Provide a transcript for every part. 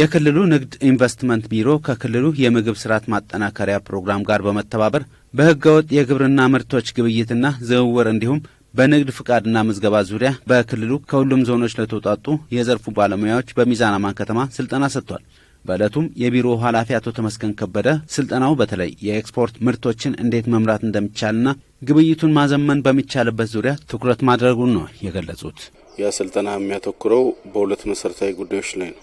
የክልሉ ንግድ ኢንቨስትመንት ቢሮ ከክልሉ የምግብ ስርዓት ማጠናከሪያ ፕሮግራም ጋር በመተባበር በህገወጥ የግብርና ምርቶች ግብይትና ዝውውር እንዲሁም በንግድ ፍቃድና ምዝገባ ዙሪያ በክልሉ ከሁሉም ዞኖች ለተውጣጡ የዘርፉ ባለሙያዎች በሚዛናማ ከተማ ስልጠና ሰጥቷል። በዕለቱም የቢሮው ኃላፊ አቶ ተመስገን ከበደ ስልጠናው በተለይ የኤክስፖርት ምርቶችን እንዴት መምራት እንደሚቻልና ግብይቱን ማዘመን በሚቻልበት ዙሪያ ትኩረት ማድረጉን ነው የገለጹት። ያ ስልጠና የሚያተኩረው በሁለት መሰረታዊ ጉዳዮች ላይ ነው።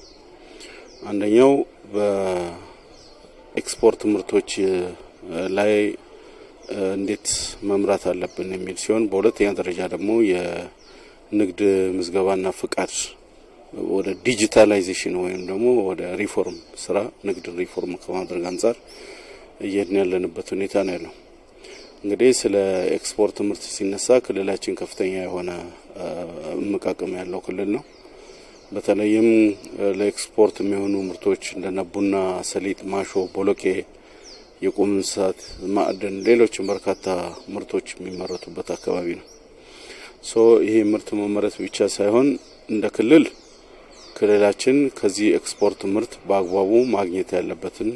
አንደኛው በኤክስፖርት ምርቶች ላይ እንዴት መምራት አለብን የሚል ሲሆን በሁለተኛ ደረጃ ደግሞ የንግድ ምዝገባና ፍቃድ ወደ ዲጂታላይዜሽን ወይም ደግሞ ወደ ሪፎርም ስራ ንግድ ሪፎርም ከማድረግ አንጻር እየሄድን ያለንበት ሁኔታ ነው ያለው። እንግዲህ ስለ ኤክስፖርት ምርት ሲነሳ ክልላችን ከፍተኛ የሆነ እምቅ አቅም ያለው ክልል ነው። በተለይም ለኤክስፖርት የሚሆኑ ምርቶች እንደነ ቡና፣ ሰሊጥ፣ ማሾ፣ ቦሎቄ፣ የቁም እንስሳት፣ ማዕድን፣ ሌሎችም በርካታ ምርቶች የሚመረቱበት አካባቢ ነው። ሶ ይሄ ምርት መመረት ብቻ ሳይሆን እንደ ክልል ክልላችን ከዚህ ኤክስፖርት ምርት በአግባቡ ማግኘት ያለበትን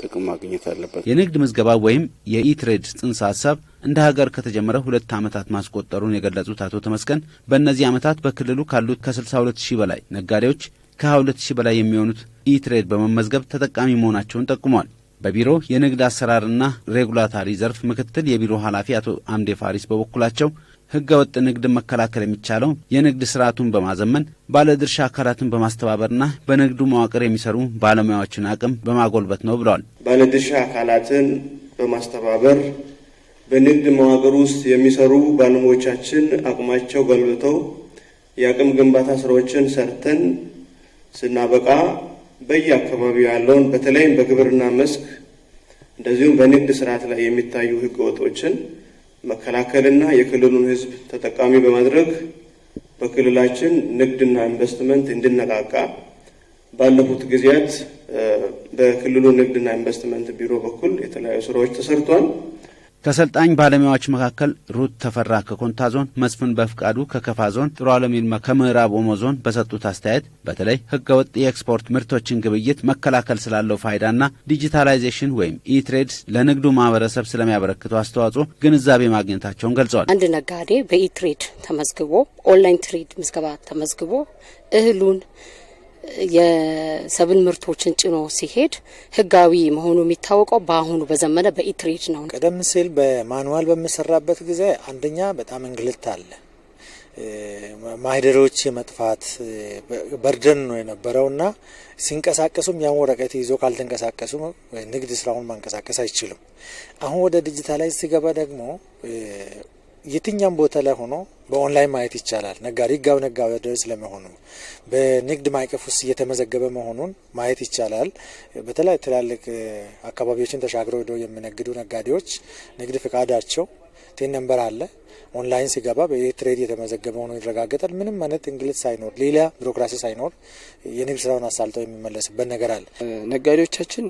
ጥቅም ማግኘት አለበት። የንግድ ምዝገባ ወይም የኢትሬድ ጽንሰ ሀሳብ እንደ ሀገር ከተጀመረ ሁለት ዓመታት ማስቆጠሩን የገለጹት አቶ ተመስገን በእነዚህ ዓመታት በክልሉ ካሉት ከ62 ሺህ በላይ ነጋዴዎች ከ22 ሺህ በላይ የሚሆኑት ኢትሬድ በመመዝገብ ተጠቃሚ መሆናቸውን ጠቁመዋል። በቢሮ የንግድ አሰራርና ሬጉላታሪ ዘርፍ ምክትል የቢሮ ኃላፊ አቶ አምዴ ፋሪስ በበኩላቸው ሕገ ወጥ ንግድን መከላከል የሚቻለው የንግድ ስርዓቱን በማዘመን ባለድርሻ አካላትን በማስተባበርና በንግዱ መዋቅር የሚሰሩ ባለሙያዎችን አቅም በማጎልበት ነው ብለዋል። ባለድርሻ አካላትን በማስተባበር በንግድ መዋቅር ውስጥ የሚሰሩ ባለሙያዎቻችን አቅማቸው ገልብተው የአቅም ግንባታ ስራዎችን ሰርተን ስናበቃ በየአካባቢው ያለውን በተለይም በግብርና መስክ እንደዚሁም በንግድ ስርዓት ላይ የሚታዩ ህገወጦችን መከላከልና የክልሉን ህዝብ ተጠቃሚ በማድረግ በክልላችን ንግድና ኢንቨስትመንት እንዲነቃቃ ባለፉት ጊዜያት በክልሉ ንግድና ኢንቨስትመንት ቢሮ በኩል የተለያዩ ስራዎች ተሰርቷል። ከሰልጣኝ ባለሙያዎች መካከል ሩት ተፈራ ከኮንታ ዞን፣ መስፍን በፍቃዱ ከከፋ ዞን፣ ጥሩ አለሚልማ ከምዕራብ ኦሞ ዞን በሰጡት አስተያየት በተለይ ህገ ወጥ የኤክስፖርት ምርቶችን ግብይት መከላከል ስላለው ፋይዳና ዲጂታላይዜሽን ወይም ኢትሬድ ለንግዱ ማህበረሰብ ስለሚያበረክተው አስተዋጽኦ ግንዛቤ ማግኘታቸውን ገልጸዋል። አንድ ነጋዴ በኢትሬድ ተመዝግቦ ኦንላይን ትሬድ ምዝገባ ተመዝግቦ እህሉን የሰብል ምርቶችን ጭኖ ሲሄድ ህጋዊ መሆኑ የሚታወቀው በአሁኑ በዘመነ በኢትሬድ ነው። ቀደም ሲል በማኑዋል በምሰራበት ጊዜ አንደኛ በጣም እንግልት አለ፣ ማህደሮች የመጥፋት በርደን ነው የነበረውና ሲንቀሳቀሱም ያን ወረቀት ይዞ ካልተንቀሳቀሱ ንግድ ስራውን ማንቀሳቀስ አይችልም። አሁን ወደ ዲጂታላይዝ ሲገባ ደግሞ የትኛም ቦታ ላይ ሆኖ በኦንላይን ማየት ይቻላል። ነጋዴ ህጋዊ ነጋዴ ስለመሆኑ በንግድ ማዕቀፍ ውስጥ እየተመዘገበ መሆኑን ማየት ይቻላል። በተለያዩ ትላልቅ አካባቢዎችን ተሻግረው ሄደው የሚነግዱ ነጋዴዎች ንግድ ፍቃዳቸው ቴን ነንበር አለ። ኦንላይን ሲገባ በኤርትሬድ የተመዘገበ ሆኖ ይረጋገጣል። ምንም አይነት እንግልት ሳይኖር ሌላ ቢሮክራሲ ሳይኖር የንግድ ስራውን አሳልጠው የሚመለስበት ነገር አለ። ነጋዴዎቻችን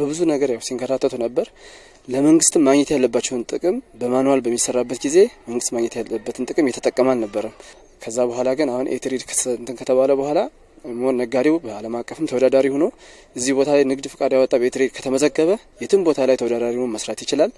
በብዙ ነገር ያው ሲንከራተቱ ነበር። ለመንግስትም ማግኘት ያለባቸውን ጥቅም በማንዋል በሚሰራበት ጊዜ መንግስት ማግኘት ያለበትን ጥቅም የተጠቀመ አልነበረም። ከዛ በኋላ ግን አሁን ኤትሪድ እንትን ከተባለ በኋላ ሞን ነጋዴው በዓለም አቀፍም ተወዳዳሪ ሆኖ እዚህ ቦታ ላይ ንግድ ፍቃድ ያወጣ በኤትሪድ ከተመዘገበ የትም ቦታ ላይ ተወዳዳሪ መስራት ይችላል።